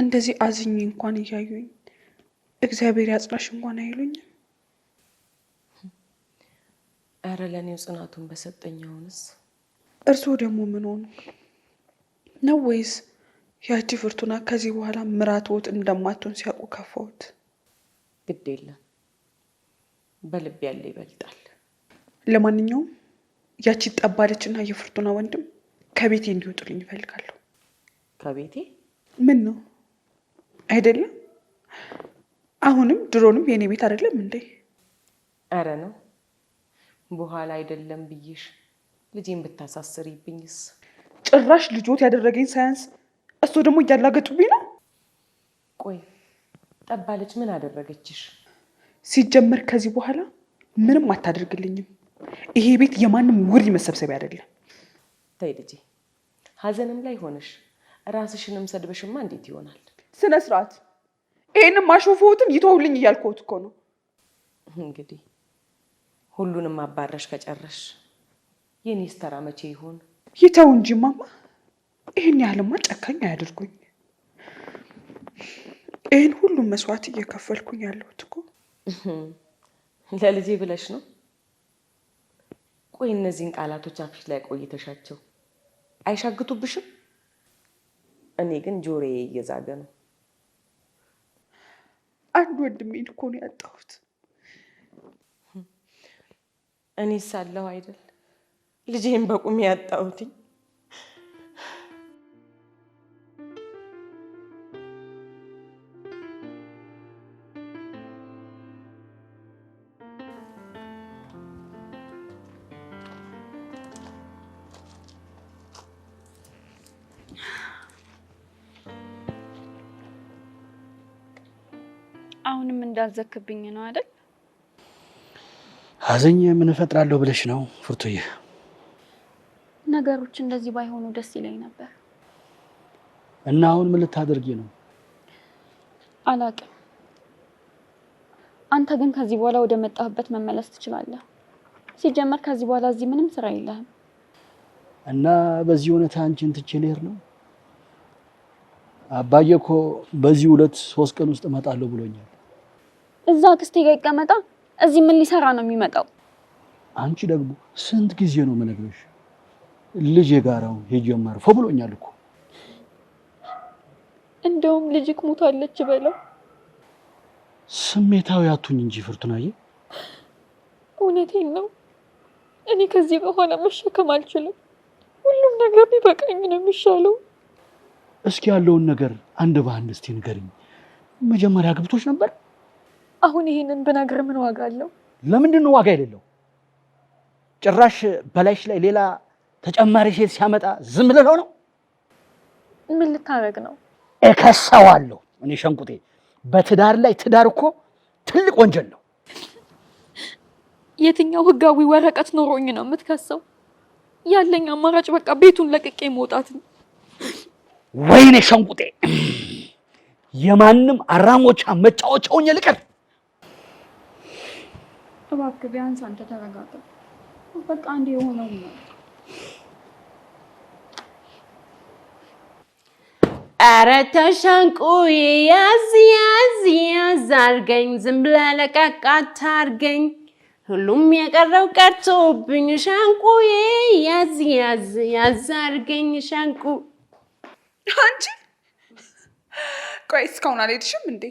እንደዚህ አዝኝ እንኳን እያዩኝ እግዚአብሔር ያጽናሽ እንኳን አይሉኝም። አረ ለእኔው ጽናቱን በሰጠኝ። እርስዎ ደግሞ ምን ሆኑ ነው? ወይስ ያቺ ፍርቱና ከዚህ በኋላ ምራትዎት እንደማትሆን ሲያውቁ ከፋዎት? ግድ የለም በልብ ያለ ይበልጣል። ለማንኛውም ያቺ ጠባለች እና የፍርቱና ወንድም ከቤቴ እንዲወጡልኝ ይፈልጋለሁ። ከቤቴ ምን ነው አይደለም? አሁንም ድሮንም የእኔ ቤት አይደለም እንዴ? አረ ነው በኋላ አይደለም ብዬሽ ልጄን ብታሳስሪብኝስ? ጭራሽ ልጆት ያደረገኝ ሳያንስ እሱ ደግሞ እያላገጡብኝ ነው። ቆይ ጠባለች ምን አደረገችሽ? ሲጀመር ከዚህ በኋላ ምንም አታደርግልኝም። ይሄ ቤት የማንም ውሪ መሰብሰቢያ አይደለም። ተይ ልጄ፣ ሀዘንም ላይ ሆነሽ ራስሽንም ሰድበሽማ እንዴት ይሆናል? ስነ ስርዓት። ይሄንም ማሾፍዎትን ይተውልኝ እያልኩት እኮ ነው። እንግዲህ ሁሉንም አባረሽ ከጨረሽ የኔ ስተራ መቼ ይሆን? ይተው እንጂ ማማ፣ ይህን ያህልማ ጨካኝ አያደርጉኝ። ይህን ሁሉም መስዋዕት እየከፈልኩኝ ያለሁት እኮ ለልጄ ብለሽ ነው? ቆይ እነዚህን ቃላቶች አፍሽ ላይ ቆይተሻቸው አይሻግቱብሽም? እኔ ግን ጆሮዬ እየዛገ ነው። አንድ ወንድሜን እኮ ነው ያጣሁት። እኔ ሳለሁ አይደል ልጄን በቁሜ ያጣሁትኝ። እንዳዘክብኝ ነው አይደል? አዝኜ ምን እፈጥራለሁ ብለሽ ነው ፍርቱዬ? ነገሮች እንደዚህ ባይሆኑ ደስ ይለኝ ነበር። እና አሁን ምን ልታደርጊ ነው? አላቅም። አንተ ግን ከዚህ በኋላ ወደ መጣህበት መመለስ ትችላለህ። ሲጀመር ከዚህ በኋላ እዚህ ምንም ስራ የለህም። እና በዚህ እውነት አንቺን ትቼ ልሄድ ነው? አባዬ እኮ በዚህ ሁለት ሶስት ቀን ውስጥ እመጣለሁ ብሎኛል። እዛ አክስቴ ጋር ይቀመጣ፣ እዚህ ምን ሊሰራ ነው የሚመጣው? አንቺ ደግሞ ስንት ጊዜ ነው የምነግርሽ? ልጅ የጋራው የጀመር ፎ ብሎኛል እኮ እንደውም ልጅክ ሞታለች በለው። ስሜታዊ አቱኝ እንጂ ፍርቱናዬ፣ እውነቴን ነው። እኔ ከዚህ በኋላ መሸከም አልችልም። ሁሉም ነገር ቢበቃኝ ነው የሚሻለው። እስኪ ያለውን ነገር አንድ በአንድ እስቲ መጀመሪያ ግብቶች ነበር አሁን ይሄንን ብነግር ምን ዋጋ አለው? ለምንድን ነው ዋጋ የሌለው? ጭራሽ በላይሽ ላይ ሌላ ተጨማሪ ሴት ሲያመጣ ዝም ልለው ነው? ምን ልታረግ ነው? እከሰዋለሁ። እኔ ሸንቁጤ፣ በትዳር ላይ ትዳር እኮ ትልቅ ወንጀል ነው። የትኛው ህጋዊ ወረቀት ኖሮኝ ነው የምትከሰው? ያለኝ አማራጭ በቃ ቤቱን ለቅቄ መውጣት ነው። ወይኔ ሸንቁጤ፣ የማንም አራሞቻ መጫወቻውን ልቀር። እባክህ ቢያንስ አንተ ተረጋጋ። በቃ አንዴ የሆነው ነው። አረ ተሻንቁ ያዝ ያዝ ያዝ አርገኝ፣ ዝም ብለህ ለቀቅ አታርገኝ። ሁሉም የቀረው ቀርቶብኝ፣ ሻንቁ ያዝ ያዝ ያዝ አርገኝ። ሻንቁ አንቺ ቆይ እስካሁን አልሄድሽም እንዴ?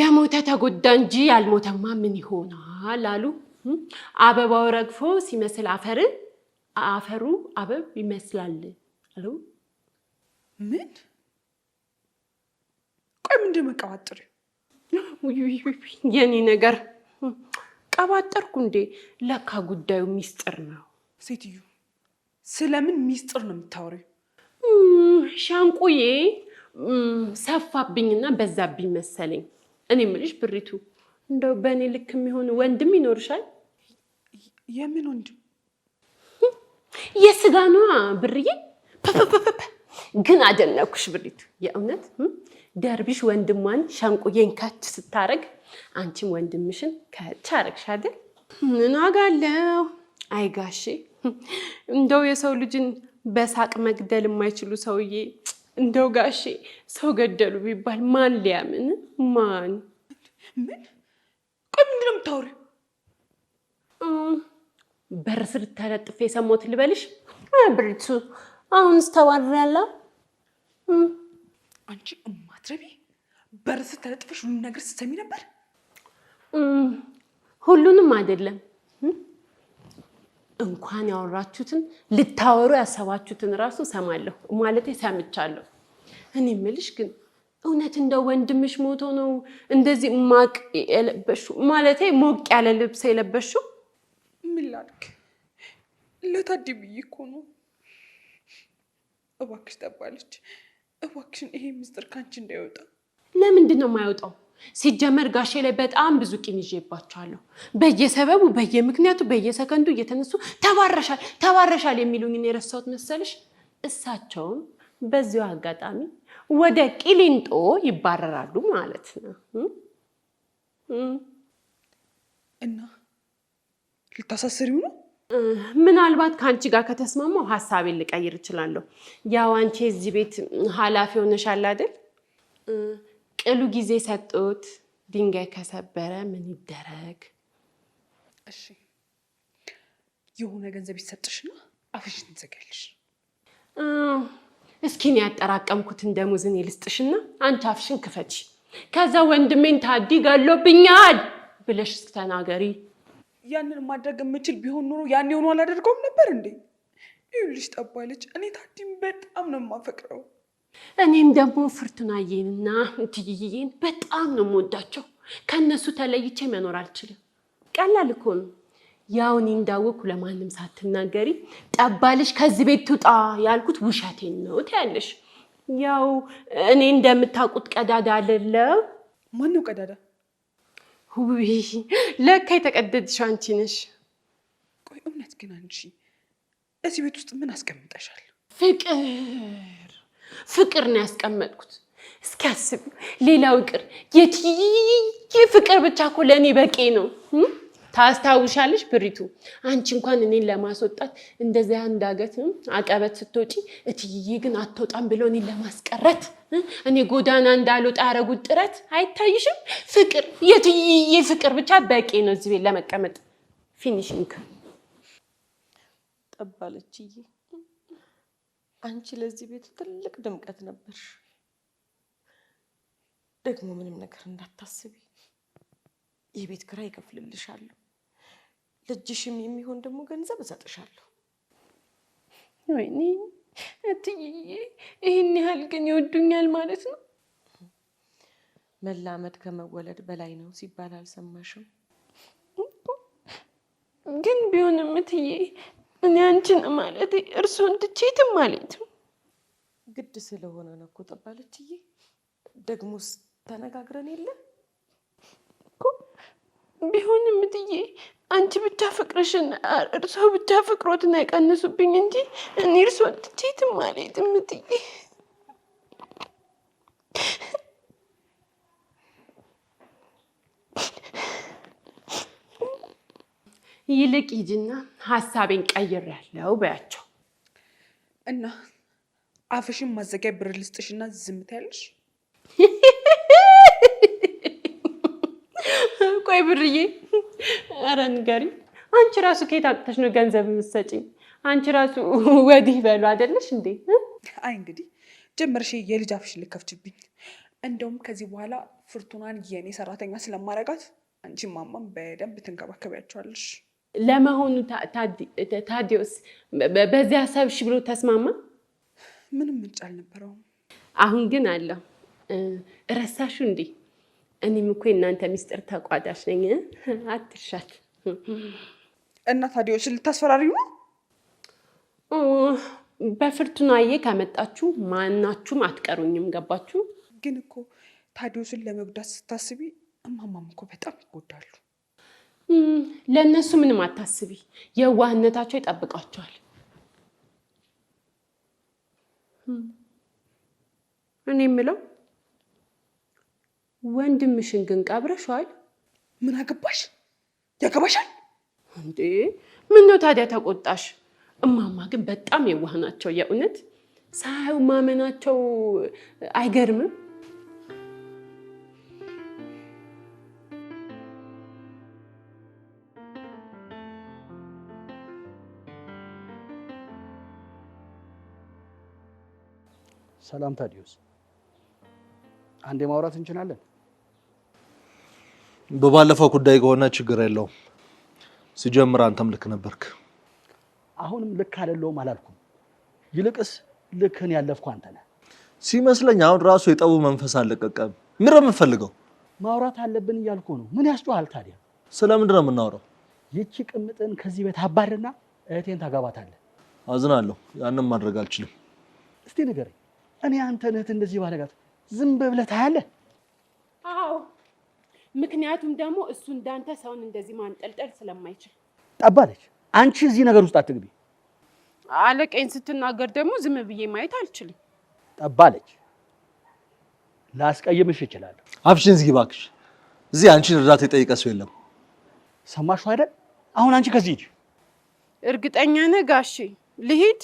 የሞተ ተጎዳ እንጂ ያልሞተማ ምን ይሆናል? አሉ። አበባው ረግፎ ሲመስል አፈር አፈሩ አበብ ይመስላል አሉ። ምን ቆይ ምንድን መቀባጥር? የኔ ነገር ቀባጠርኩ እንዴ? ለካ ጉዳዩ ሚስጥር ነው። ሴትዮ ስለምን ሚስጥር ነው የምታወሪው? ሻንቁዬ ሰፋብኝና በዛብኝ መሰለኝ። እኔ ምልሽ ብሪቱ እንደው በእኔ ልክ የሚሆን ወንድም ይኖርሻል? የምን ወንድም? የስጋ ነዋ ብርዬ። ግን አደነኩሽ ብሪቱ፣ የእውነት ደርቢሽ ወንድሟን ሸንቁዬን ከች ስታረግ አንቺም ወንድምሽን ከች አረግሽ አይደል? ምን ዋጋ አለው? አይ እንደው የሰው ልጅን በሳቅ መግደል የማይችሉ ሰውዬ፣ እንደው ጋሼ ሰው ገደሉ ቢባል ማን ሊያምን ማን? ምን ምንድን ነው የምታወሪው? በር ስር ተለጥፌ የሰማሁት ልበልሽ። ብርቱ አሁን ተባረር ያለ አንቺ እማትረቢ በር ስር ተለጥፈሽ ሁሉ ነገር ስትሰሚ ነበር። ሁሉንም አይደለም እንኳን ያወራችሁትን ልታወሩ ያሰባችሁትን እራሱ ሰማለሁ፣ ማለት ሰምቻለሁ። እኔ የምልሽ ግን እውነት እንደው ወንድምሽ ሞቶ ነው እንደዚህ ማቅ የለበሽው? ማለቴ ሞቅ ያለ ልብስ የለበሽው? ምን ላድርግ ለታዲ ብዬ እኮ ነው። እባክሽ ጠባለች፣ እባክሽን ይሄ ምስጢር ካንቺ እንዳይወጣ። ለምንድን ነው የማይወጣው? ሲጀመር ጋሼ ላይ በጣም ብዙ ቂም ይዤባቸዋለሁ። በየሰበቡ በየምክንያቱ በየሰከንዱ እየተነሱ ተባረሻል ተባረሻል የሚሉኝን የረሳሁት መሰልሽ። እሳቸውም በዚሁ አጋጣሚ ወደ ቂሊንጦ ይባረራሉ ማለት ነው። እና ልታሳስሪው ነው? ምናልባት ከአንቺ ጋር ከተስማማው ሀሳቤን ልቀይር እችላለሁ። ያው አንቺ እዚህ ቤት ኃላፊ ሆነሻል አይደል? ቅሉ ጊዜ ሰጡት። ድንጋይ ከሰበረ ምን ይደረግ? እሺ የሆነ ገንዘብ ይሰጥሽና አፍሽን ትዘጋለሽ። እስኪን እኔ ያጠራቀምኩትን ደሞዝ ይልስጥሽና አንቺ አፍሽን ክፈች፣ ከዛ ወንድሜን ታዲ ገሎብኛል ብለሽ እስኪ ተናገሪ። ያንን ማድረግ የምችል ቢሆን ኑሮ ያን የሆኑ አላደርገውም ነበር እንዴ? ይኸውልሽ ጠባለች፣ እኔ ታዲም በጣም ነው የማፈቅረው። እኔም ደግሞ ፍርቱናዬንና ትይይዬን በጣም ነው የምወዳቸው። ከእነሱ ተለይቼ መኖር አልችልም። ቀላል እኮ ነው። ያው እኔ እንዳወቅኩ ለማንም ሳትናገሪ ጠባልሽ ከዚህ ቤት ትውጣ ያልኩት ውሸቴን ነው ትያለሽ። ያው እኔ እንደምታውቁት ቀዳዳ አለለው። ማን ነው ቀዳዳ? ውይ ለካ የተቀደድሽው አንቺ ነሽ። ቆይ እውነት ግን አንቺ እዚህ ቤት ውስጥ ምን አስቀምጠሻል? ፍቅር ፍቅር ነው ያስቀመጥኩት። እስኪ አስቢው። ሌላው ይቅር፣ የትይ ፍቅር ብቻ እኮ ለእኔ በቂ ነው። ታስታውሻለሽ? ብሪቱ አንቺ እንኳን እኔን ለማስወጣት እንደዚያ አንድ አገት አቀበት ስትወጪ እትዬ ግን አትወጣም ብሎ እኔን ለማስቀረት እኔ ጎዳና እንዳልወጣ ያደረጉት ጥረት አይታይሽም? ፍቅር የትዬ ፍቅር ብቻ በቂ ነው እዚህ ቤት ለመቀመጥ። ፊኒሽንግ ጠባለች። አንቺ ለዚህ ቤት ትልቅ ድምቀት ነበር ደግሞ ምንም ነገር እንዳታስቢ የቤት ኪራይ ይከፍልልሻለሁ። እጅሽም የሚሆን ደግሞ ገንዘብ እሰጥሻለሁ። ወይኔ እትዬ፣ ይህን ያህል ግን ይወዱኛል ማለት ነው? መላመድ ከመወለድ በላይ ነው ሲባል አልሰማሽም? ግን ቢሆንም እትዬ፣ እኔ አንቺን ማለት እርስዎን ትቼ ማለት ነው። ግድ ስለሆነ ነው እኮ ጠባል ደግሞስ ተነጋግረን የለ? ቢሆንም እትዬ አንቺ ብቻ ፍቅርሽን እርሶ ብቻ ፍቅሮትን አይቀንሱብኝ እንጂ እኔ እርሶ ትቼትም ማለት እትዬ። ይልቅ ሂጂና ሀሳቤን ያለው በያቸው እና አፍሽን ማዘጊያ ብር ልስጥሽና ዝም ትያለሽ? ቆይ ብርዬ፣ ኧረ ንገሪኝ። አንቺ ራሱ ከየት አምጥተሽ ነው ገንዘብ የምትሰጪኝ? አንቺ ራሱ ወዲህ በሉ አይደለሽ እንዴ? አይ እንግዲህ ጀመርሽ የልጅ አፍሽን ልከፍችብኝ። እንደውም ከዚህ በኋላ ፍርቱናን የኔ ሰራተኛ ስለማረጋት አንቺ ማማም በደንብ ትንከባከቢያቸዋለሽ። ለመሆኑ ታዲዮስ በዚያ ሰብሽ ብሎ ተስማማ? ምንም ምንጭ አልነበረውም። አሁን ግን አለው። ረሳሹ እንዴ እኔም እኮ እናንተ ሚስጥር ተቋዳሽ ነኝ። አትርሻት እና ታዲያዎች ልታስፈራሪው ነው? በፍርቱናዬ ከመጣችሁ ማናችሁም አትቀሩኝም። ገባችሁ? ግን እኮ ታዲዎስን ለመጉዳት ስታስቢ እማማም እኮ በጣም ይጎዳሉ። ለእነሱ ምንም አታስቢ፣ የዋህነታቸው ይጠብቃቸዋል። እኔ የምለው ወንድምሽን ግን ቀብረሽዋል። ምን አገባሽ? ያገባሻል እንዴ? ምን ነው ታዲያ ተቆጣሽ? እማማ ግን በጣም የዋህ ናቸው። የእውነት ሳያዩ ማመናቸው አይገርምም? ሰላም ታዲዮስ፣ አንዴ ማውራት እንችላለን? በባለፈው ጉዳይ ከሆነ ችግር የለውም። ሲጀምር አንተም ልክ ነበርክ። አሁንም ልክ አይደለሁም አላልኩም። ይልቅስ ልክን ያለፍኩ አንተ ነህ ሲመስለኝ። አሁን ራሱ የጠቡ መንፈስ አልለቀቀም። ምንድን ነው የምንፈልገው? ማውራት አለብን እያልኩ ነው። ምን ያስጮሃል ታዲያ? ስለምንድን ነው የምናወራው? ይቺ ቅምጥን ከዚህ ቤት አባርና እህቴን ታገባታለህ። አዝናለሁ፣ ያንን ማድረግ አልችልም። እስቲ ንገረኝ፣ እኔ አንተን እህት እንደዚህ ባለጋት ዝም ብለህ ታያለህ? አዎ ምክንያቱም ደግሞ እሱ እንዳንተ ሰውን እንደዚህ ማንጠልጠል ስለማይችል ጠባለች። አንቺ እዚህ ነገር ውስጥ አትግቢ። አለቀኝ ስትናገር ደግሞ ዝም ብዬ ማየት አልችልም። ጠባለች። ላስቀይምሽ እችላለሁ። አፍሽን ዝጊ እባክሽ። እዚህ አንቺን እርዳታ የጠየቀ ሰው የለም። ሰማሽ አይደል? አሁን አንቺ ከዚህ ሂጂ። እርግጠኛ ነህ ጋሼ? ልሂድ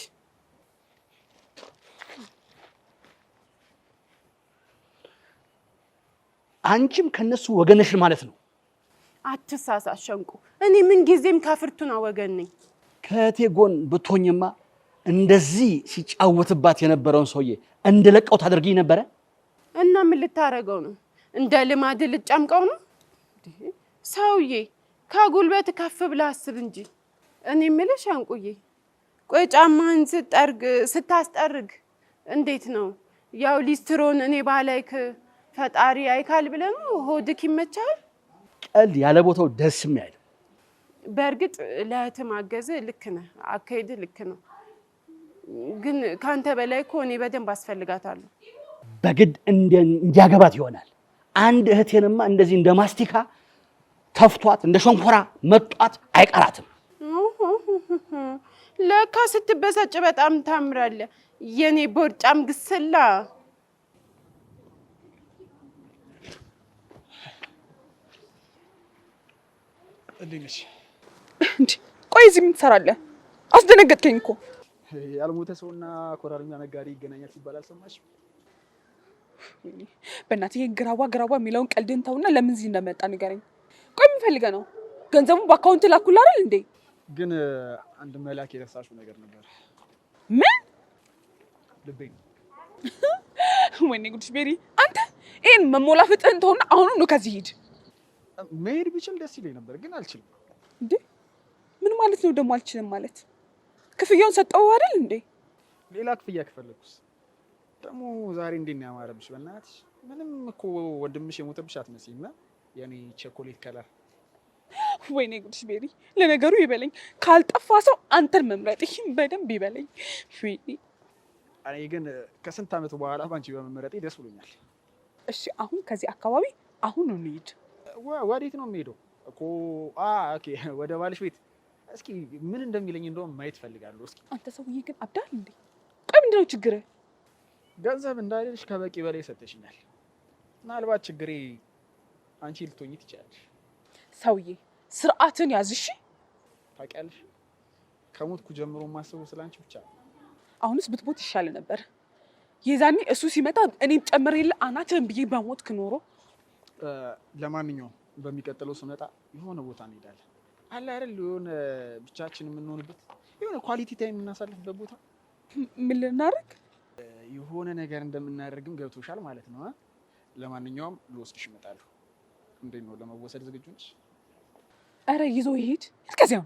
አንቺም ከነሱ ወገነሽን ማለት ነው። አትሳሳ ሸንቁ፣ እኔ ምን ጊዜም ከፍርቱና ወገን ነኝ። ከእቴ ጎን ብትሆኝማ እንደዚህ ሲጫወትባት የነበረውን ሰውዬ እንድለቀው ታደርጊኝ ነበረ። እና ምን ልታረገው ነው? እንደ ልማድ ልጫምቀው ነው? ሰውዬ ከጉልበት ከፍ ብለህ አስብ እንጂ። እኔ የምልህ ሸንቁዬ፣ ቆይ ጫማህን ስጠርግ ስታስጠርግ እንዴት ነው? ያው ሊስትሮን እኔ ባላይክ ፈጣሪ አይካል ብለህ ነው ሆድክ ይመቻል። ቀልድ ያለ ቦታው ደስ የሚያል በእርግጥ ለእህት ማገዝ ልክ ነህ፣ አካሄድ ልክ ነው። ግን ከአንተ በላይ እኮ እኔ በደንብ አስፈልጋታለሁ። በግድ እንዲያገባት ይሆናል። አንድ እህቴንማ እንደዚህ እንደ ማስቲካ ተፍቷት እንደ ሸንኮራ መጧት አይቀራትም። ለካ ስትበሳጭ በጣም ታምራለህ። የኔ ቦርጫም ግስላ እንዴት ነሽ? ቆይ እዚህ ምን ትሰራለህ? አስደነገጥከኝ እኮ። ያልሞተ ሰውና ኮራርኛ ነጋዴ ይገናኛል ሲባል አልሰማሽም? በእናትህ ግራዋ ግራዋ የሚለውን ቀልድን ተውና ለምን እዚህ እንደመጣ ንገረኝ። ቆይ ምን ፈልገህ ነው? ገንዘቡን በአካውንት ላኩልህ አይደል እንዴ? ግን አንድ መላክ የረሳሽው ነገር ነበር። ምን? ልቤን። ወይኔ ጉድሽ ቤሪ፣ አንተ ይሄን መሞላ ፍጥህን ተውና አሁኑ ነው ከዚህ ሂድ። መሄድ ቢችል ደስ ይለኝ ነበር፣ ግን አልችልም። እንዴ ምን ማለት ነው ደግሞ አልችልም ማለት? ክፍያውን ሰጠው አይደል እንዴ? ሌላ ክፍያ ከፈለግኩስ ደግሞ ዛሬ እንዴት ነው ያማረብሽ! በእናትሽ ምንም እኮ ወንድምሽ የሞተብሽ አትመስይም። እና የኔ ቸኮሌት ከለር ወይኔ ጉድሽ ቤሪ። ለነገሩ ይበለኝ ካልጠፋ ሰው አንተን መምረጥ በደንብ ይበለኝ። እኔ ግን ከስንት ዓመት በኋላ ባንቺ በመምረጤ ደስ ብሎኛል። እሺ አሁን ከዚህ አካባቢ አሁን እንሂድ። ወዴት ነው የሚሄደው? እኮ ኦኬ፣ ወደ ባልሽ ቤት። እስኪ ምን እንደሚለኝ እንደውም ማየት ፈልጋለሁ። እስኪ አንተ ሰውዬ ግን አብዳል እንዴ? ቆይ ምንድን ነው ችግር? ገንዘብ እንዳለሽ ከበቂ በላይ ሰጥተሽኛል ምናልባት ችግሬ አንቺ ልትሆኚ ትችያለሽ። ሰውዬ ስርዓትን ያዝሽ። ታውቂያለሽ ከሞትኩ ጀምሮ የማስበው ስለ አንቺ ብቻ አሁንስ ብትሞት ይሻል ነበር። የዛኔ እሱ ሲመጣ እኔም ጨምር የለ አናትን ብዬ በሞትክ ኖሮ ለማንኛውም በሚቀጥለው ስመጣ የሆነ ቦታ እንሄዳለን። አለ አይደል የሆነ ብቻችን የምንሆንበት የሆነ ኳሊቲ ታይም የምናሳልፍበት ቦታ። ምን ልናደርግ የሆነ ነገር እንደምናደርግም ገብቶሻል ማለት ነው። ለማንኛውም ልወስድሽ እመጣለሁ። እንዴት ነው ለመወሰድ ዝግጁ አረ ይዞ ይሄድ እስከዚያው።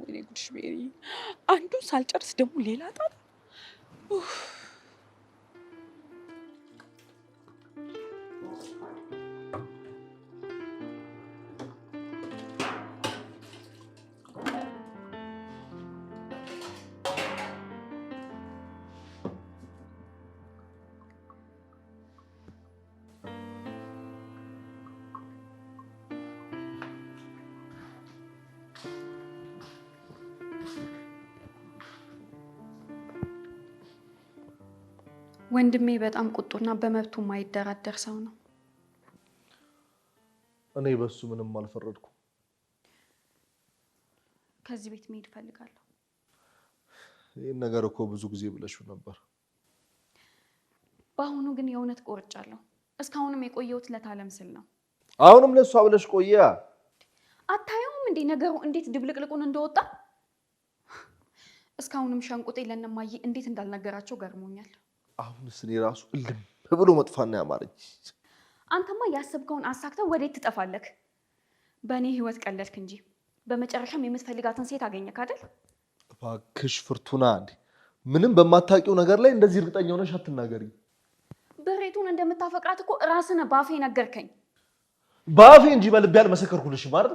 ወይኔ ጉድሽ ቤሪ! አንዱን ሳልጨርስ ደግሞ ሌላ ጣጣ ወንድሜ በጣም ቁጡና በመብቱ የማይደራደር ሰው ነው። እኔ በሱ ምንም አልፈረድኩ ከዚህ ቤት መሄድ እፈልጋለሁ። ይህን ነገር እኮ ብዙ ጊዜ ብለሽው ነበር። በአሁኑ ግን የእውነት ቆርጫለሁ። እስካሁንም የቆየሁት ለታለም ስል ነው። አሁንም ለእሷ ብለሽ ቆየ። አታየውም እንዴ ነገሩ እንዴት ድብልቅልቁን እንደወጣ? እስካሁንም ሸንቁጤ ለእነማዬ እንዴት እንዳልነገራቸው ገርሞኛል። አሁንስ እኔ ራሱ እልም ብሎ መጥፋና ያማረች። አንተማ ያሰብከውን አሳክተው ወዴት ትጠፋለህ? በእኔ ህይወት ቀለድክ እንጂ በመጨረሻም የምትፈልጋትን ሴት አገኘክ አይደል? እባክሽ ፍርቱና፣ እንዴ ምንም በማታውቂው ነገር ላይ እንደዚህ እርግጠኛ ሆነሽ አትናገሪ። በሬቱን እንደምታፈቅራት እኮ ራስህ በአፌ ነገርከኝ። በአፌ እንጂ በልቤ አልመሰከርኩልሽም አይደል?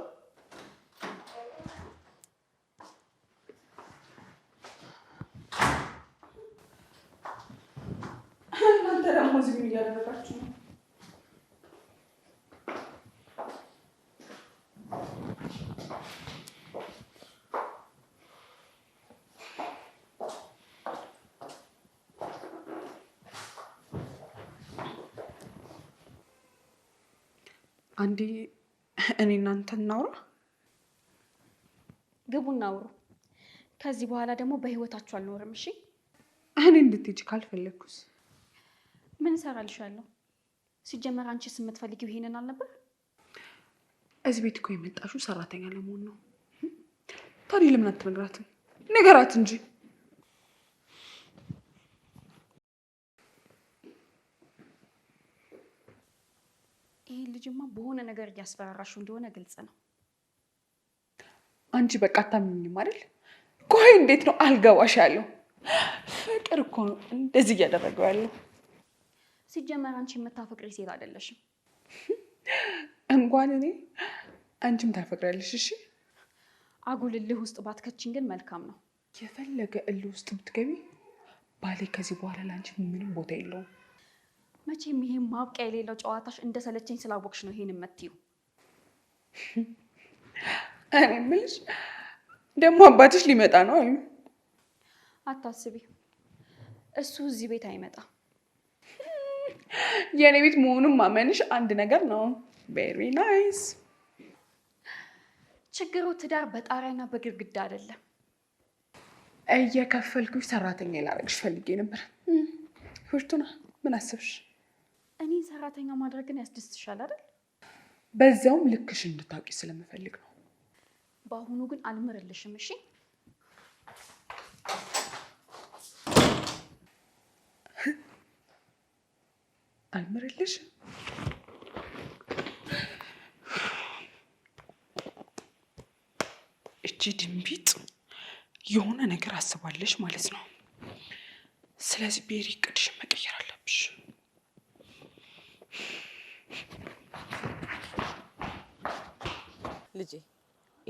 እዚህ ምን እያደረጋችሁ ነው? አንዴ እኔ እናንተ እናውራ። ግቡ እናውሩ። ከዚህ በኋላ ደግሞ በህይወታችሁ አልኖርም። እሺ እኔ እንድትሄጂ ካልፈለግኩስ ምን እሰራልሻለሁ? ሲጀመር አንቺ የምትፈልጊው ይሄንን አልነበር? እዚህ ቤት እኮ የመጣሽው ሰራተኛ ለመሆን ነው። ታዲያ ለምን አትነግራትም? ንገራት እንጂ። ይህ ልጅማ በሆነ ነገር እያስፈራራሽው እንደሆነ ግልጽ ነው። አንቺ በቃ አታምኝም አይደል? ቆይ እንዴት ነው አልገባሽ ያለው ፍቅር እኮ ነው እንደዚህ እያደረገው ያለው ሲጀመር አንቺ የምታፈቅሪ ሴት አይደለሽም። እንኳን እኔ አንቺም ታፈቅሪያለሽ። እሺ አጉል እልህ ውስጥ ባትከችን ግን መልካም ነው። የፈለገ እልህ ውስጥ ብትገቢ ባሌ ከዚህ በኋላ ለአንቺ ምንም ቦታ የለውም። መቼም ይሄን ማብቂያ የሌለው ጨዋታሽ እንደሰለቸኝ ስላወቅሽ ነው ይሄን የምትይው። እኔ የምልሽ ደግሞ አባትሽ ሊመጣ ነው። አታስቢ፣ እሱ እዚህ ቤት አይመጣም። የእኔ ቤት መሆኑን ማመንሽ አንድ ነገር ነው። ቬሪ ናይስ። ችግሩ ትዳር በጣሪያና በግድግዳ አይደለም። እየከፈልኩሽ ሰራተኛ ላደርግሽ ፈልጌ ነበር። ፎርቱና ምን አስብሽ? እኔ ሰራተኛ ማድረግን ያስደስትሻል አይደል? በዚያውም ልክሽ እንድታውቂ ስለምፈልግ ነው። በአሁኑ ግን አልምርልሽም። እሺ አይምርልሽ እቺ ድንቢጥ የሆነ ነገር አስባለሽ ማለት ነው። ስለዚህ ቤሪ እቅድሽን መቀየር አለብሽ። ልጄ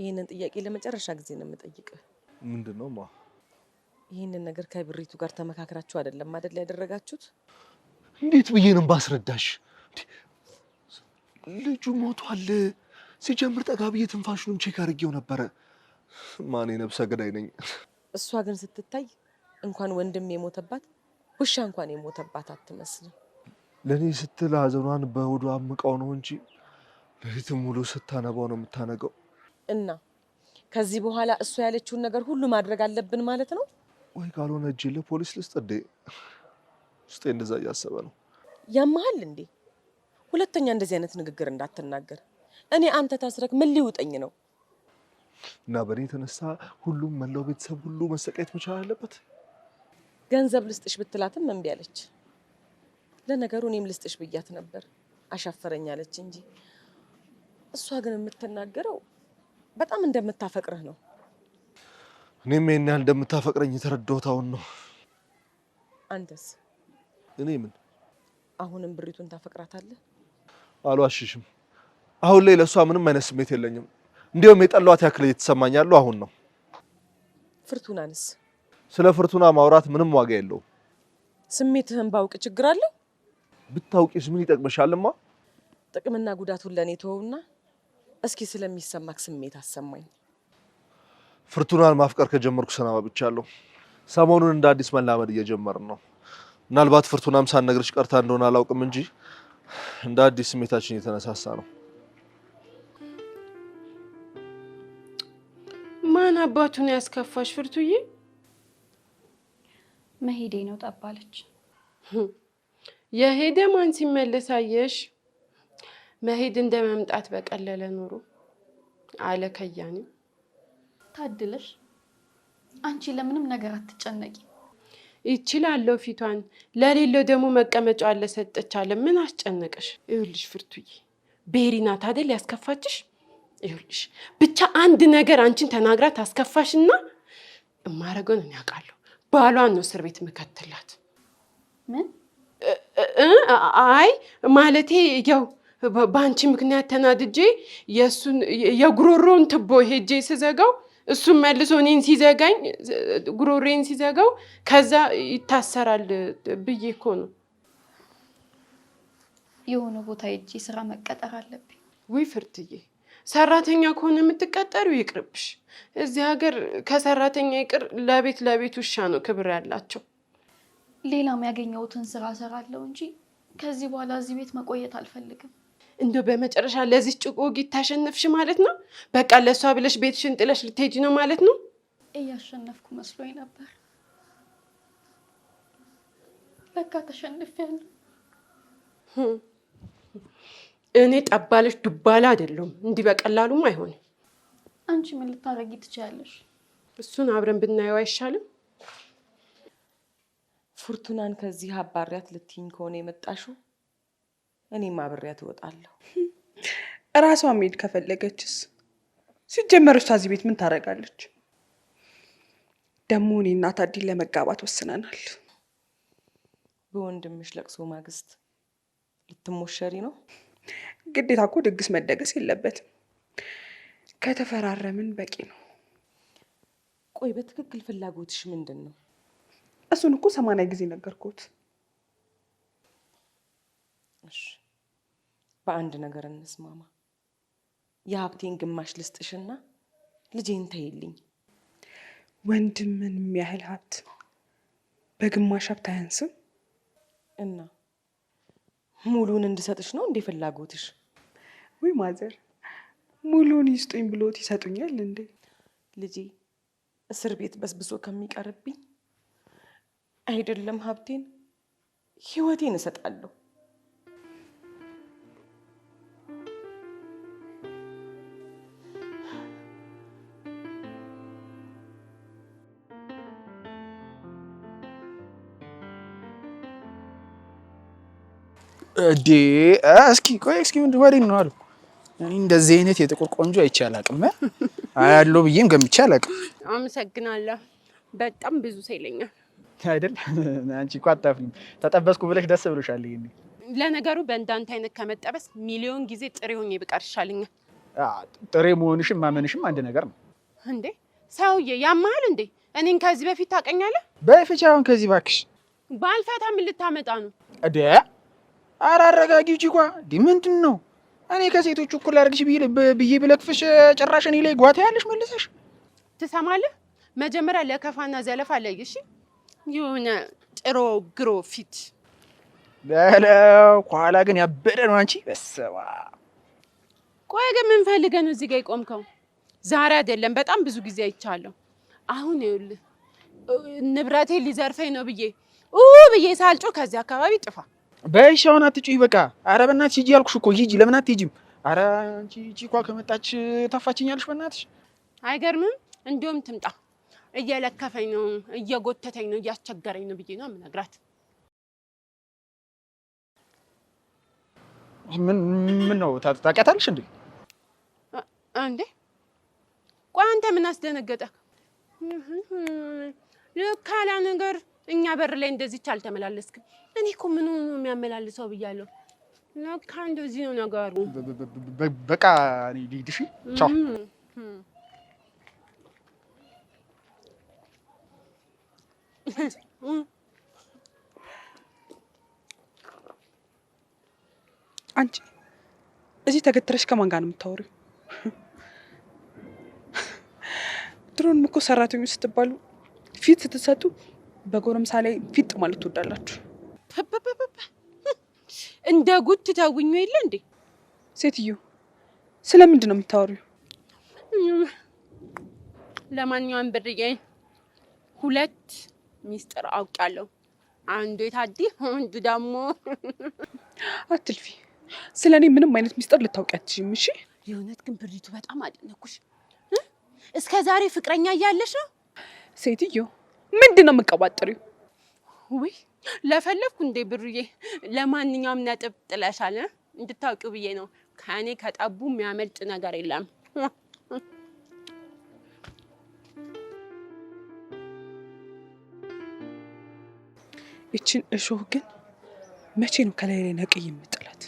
ይህንን ጥያቄ ለመጨረሻ ጊዜ ነው የምጠይቅህ። ምንድን ነው ማ? ይህንን ነገር ከብሪቱ ጋር ተመካክራችሁ አይደለም አይደል ያደረጋችሁት? እንዴት ብዬ ነው ባስረዳሽ? ልጁ ሞቷል። ሲጀምር ጠጋ ብዬ ትንፋሹን ቼክ አድርጌው ነበረ። ማኔ ነብሰ ገዳይ ነኝ። እሷ ግን ስትታይ እንኳን ወንድም የሞተባት ውሻ እንኳን የሞተባት አትመስልም። ለእኔ ስትል ሐዘኗን በሆዷ አምቀው ነው እንጂ ሌሊትም ሙሉ ስታነባው ነው የምታነገው። እና ከዚህ በኋላ እሷ ያለችውን ነገር ሁሉ ማድረግ አለብን ማለት ነው ወይ? ካልሆነ እጅ ለፖሊስ ልስጥ እንዴ? ውስጤ እንደዛ እያሰበ ነው። ያመሃል እንዴ? ሁለተኛ እንደዚህ አይነት ንግግር እንዳትናገር። እኔ አንተ ታስረክ ምን ሊውጠኝ ነው? እና በእኔ የተነሳ ሁሉም መላው ቤተሰብ ሁሉ መሰቃየት መቻል አለበት። ገንዘብ ልስጥሽ ብትላትም እምቢ አለች። ለነገሩ እኔም ልስጥሽ ብያት ነበር አሻፈረኝ አለች እንጂ እሷ ግን የምትናገረው በጣም እንደምታፈቅርህ ነው። እኔም ይህን ያህል እንደምታፈቅረኝ የተረዳሁት አሁን ነው። አንተስ? እኔ ምን አሁንም ብሪቱን ታፈቅራታለህ? አልዋሽሽም። አሁን ላይ ለእሷ ምንም አይነት ስሜት የለኝም። እንዲሁም የጠሏት ያክል እየተሰማኝ ያለው አሁን ነው። ፍርቱናንስ? ስለ ፍርቱና ማውራት ምንም ዋጋ የለውም። ስሜትህን ባውቅ ችግር አለው? ብታውቂስ ምን ይጠቅምሻልማ? ጥቅምና ጉዳቱን ለእኔ ተወውና እስኪ ስለሚሰማክ ስሜት አሰማኝ። ፍርቱናን ማፍቀር ከጀመርኩ ሰናባ ብቻ አለሁ። ሰሞኑን እንደ አዲስ መላመድ እየጀመርን ነው። ምናልባት ፍርቱናም ሳትነግርሽ ቀርታ እንደሆነ አላውቅም እንጂ እንደ አዲስ ስሜታችን እየተነሳሳ ነው። ማን አባቱን ያስከፋሽ ፍርቱዬ? መሄዴ ነው ጠባለች። የሄደ ማን ሲመለስ አየሽ? መሄድ እንደ መምጣት በቀለለ ኑሮ አለ ከያኔ። ታድለሽ አንቺ ለምንም ነገር አትጨነቂ። ይችላለሁ ፊቷን ለሌለው ደግሞ መቀመጫ አለ ሰጠቻለ። ምን አስጨነቀሽ? ይኸውልሽ ፍርቱዬ ቤሪ ናት አይደል ያስከፋችሽ? ይኸውልሽ ብቻ አንድ ነገር አንቺን ተናግራት አስከፋሽና እማረገውን እኔ አውቃለሁ። ባሏን ነው እስር ቤት ምከትላት። ምን? አይ ማለቴ ያው በአንቺ ምክንያት ተናድጄ የእሱን የጉሮሮውን ትቦ ሄጄ ስዘጋው እሱም መልሶ እኔን ሲዘጋኝ ጉሮሬን ሲዘጋው ከዛ ይታሰራል ብዬ እኮ ነው። የሆነ ቦታ ሂጅ፣ ስራ መቀጠር አለብኝ። ውይ ፍርትዬ፣ ሰራተኛ ከሆነ የምትቀጠሪው ይቅርብሽ። እዚህ ሀገር ከሰራተኛ ይቅር ለቤት ለቤት ውሻ ነው ክብር ያላቸው። ሌላም ያገኘሁትን ስራ ሰራለሁ እንጂ ከዚህ በኋላ እዚህ ቤት መቆየት አልፈልግም። እንደው በመጨረሻ ለዚህ ጭቆ ታሸነፍሽ ማለት ነው። በቃ ለእሷ ብለሽ ቤትሽን ጥለሽ ልትሄጂ ነው ማለት ነው። እያሸነፍኩ መስሎኝ ነበር፣ በቃ ተሸንፌያለሁ። እኔ ጠባለሽ ዱባላ አይደለሁም። እንዲህ በቀላሉም አይሆንም። አንቺ ምን ልታደርጊ ትችያለሽ? እሱን አብረን ብናየው አይሻልም? ፉርቱናን ከዚህ አባሪያት ልትይኝ ከሆነ የመጣሽው እኔም አብሬያት እወጣለሁ። እራሷ መሄድ ከፈለገችስ? ሲጀመር እሷ እዚህ ቤት ምን ታደርጋለች? ደግሞ እኔ እና ታዲን ለመጋባት ወስነናል። በወንድምሽ ለቅሶ ማግስት ልትሞሸሪ ነው? ግዴታ እኮ ድግስ መደገስ የለበትም። ከተፈራረምን በቂ ነው። ቆይ በትክክል ፍላጎትሽ ምንድን ነው? እሱን እኮ ሰማንያ ጊዜ ነገርኩት። እሺ በአንድ ነገር እንስማማ። የሀብቴን ግማሽ ልስጥሽና ልጄን ተይልኝ። ወንድምን የሚያህል ሀብት በግማሽ ሀብት አያንስም እና ሙሉን እንድሰጥሽ ነው እንዴ ፍላጎትሽ? ወይ ማዘር ሙሉን ይስጡኝ ብሎት ይሰጡኛል እንዴ? ልጄ እስር ቤት በስብሶ ከሚቀርብኝ አይደለም ሀብቴን ህይወቴን እሰጣለሁ። እዴ እስኪ ቆይ እስኪ ምንድን ነው አሉ። እንደዚህ አይነት የጥቁር ቆንጆ አይቼ አላውቅም፣ አያለው ብዬም ገምቼ አላውቅም። አመሰግናለሁ። በጣም ብዙ ሰው ይለኛል አይደል? አንቺ እኮ አታፍሪም። ተጠበስኩ ብለሽ ደስ ብሎሻል። ይሄ ለነገሩ በእንዳንተ አይነት ከመጠበስ ሚሊዮን ጊዜ ጥሬ ሆኜ ብቀር ይሻለኛል። ጥሬ መሆንሽም ማመንሽም አንድ ነገር ነው። እንዴ ሰውዬ ያማል እንዴ? እኔን ከዚህ በፊት ታውቀኛለህ? በፊት አሁን ከዚህ እባክሽ ባልፈታ ምን ልታመጣ ነው? ኧረ አረጋጊ ቺኳ ዲ ምንድን ነው? እኔ ከሴቶቹ እኩል አድርግሽ ብዬ ብለክፍሽ ጭራሽ እኔ ላይ ጓታ ያለሽ መልሰሽ። ትሰማለህ? መጀመሪያ ለከፋና ዘለፋ ለይ። እሺ የሆነ ጥሮ ግሮ ፊት በለው፣ ከኋላ ግን ያበደ ነው። አንቺ በሰባ ቆይ፣ ግን ምን ፈልገህ ነው እዚህ ጋር የቆምከው? ዛሬ አይደለም በጣም ብዙ ጊዜ አይቻለሁ። አሁን ይኸውልህ ንብረቴ ሊዘርፈኝ ነው ብዬ ኡ ብዬ ሳልጮ ከዚህ አካባቢ ጥፋ። በይሻ አሁን አትጩይ። በቃ ኧረ በእናትሽ ሂጂ ያልኩሽ እኮ ሂጂ። ለምን አትሄጂም? ኧረ አንቺ ቺኳ ከመጣች ታፋችኛለሽ። በእናትሽ አይገርምም። እንዲሁም ትምጣ እየለከፈኝ ነው፣ እየጎተተኝ ነው፣ እያስቸገረኝ ነው ብዬ ነው የምነግራት። ምን ምን ነው ታውቂያታለሽ እንዴ? እንዴ ቆይ አንተ ምን አስደነገጠ? ልካላ ነገር እኛ በር ላይ እንደዚች አልተመላለስክም። እኔ እኮ ምኑ ነው የሚያመላልሰው ብያለሁ። ለካ እንደዚህ ነው ነገሩ። በቃ ልሂድ። ቻው። አንቺ እዚህ ተገትረሽ ከማን ጋር ነው የምታወሪው? ድሮንም እኮ ሰራተኞች ስትባሉ ፊት ስትሰጡ በጎረምሳ ላይ ፊጥ ማለት ትወዳላችሁ። እንደ ጉድ ትተውኙ የለ እንዴ? ሴትዮ ስለምንድን ነው የምታወሪው? ለማንኛውም ብርዬ ሁለት ሚስጥር አውቃለሁ። አንዱ የታዲ አንዱ ደግሞ አትልፊ። ስለ እኔ ምንም አይነት ሚስጥር ልታውቂ አትችም። እሺ። የእውነት ግን ብሪቱ በጣም አደነኩሽ። እስከ ዛሬ ፍቅረኛ እያለሽ ነው ሴትዮ ምንድን ነው የምቀባጥሪው? ውይ ለፈለግኩ እንዴ ብርዬ። ለማንኛውም ነጥብ ጥለሻል፣ እንድታውቂው ብዬ ነው። ከእኔ ከጠቡ የሚያመልጥ ነገር የለም። ይችን እሾህ ግን መቼ ነው ከላይ ላይ ነቅዬ የምጥላት?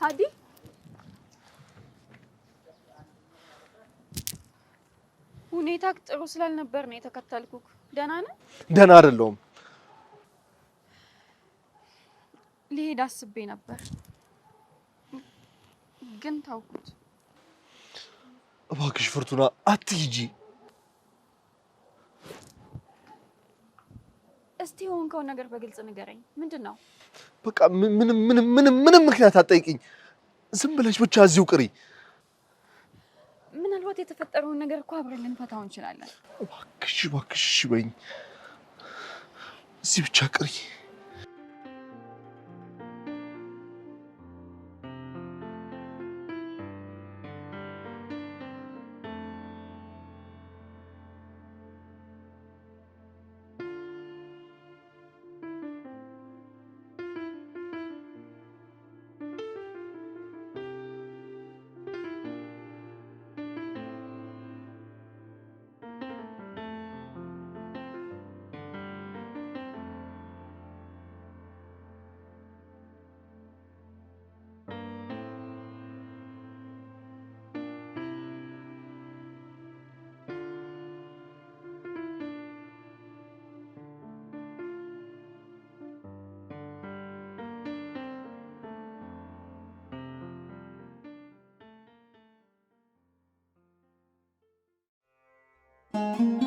ታዲ ሁኔታ ጥሩ ስላልነበር ነው የተከተልኩክ። ደህና ነህ? ደህና አይደለሁም። ሊሄድ አስቤ ነበር ግን ታውኩት። እባክሽ ፍርቱና አትሂጂ። እስቲ የሆንከውን ነገር በግልጽ ንገረኝ። ምንድን ነው? በቃ ምንም ምንም ምንም ምንም ምክንያት አትጠይቂኝ። ዝም ብለሽ ብቻ እዚሁ ቅሪ። በህይወት የተፈጠረውን ነገር እኮ አብረን ልንፈታው እንችላለን። እባክሽ እባክሽ፣ በይኝ እዚህ ብቻ ቅሪ። you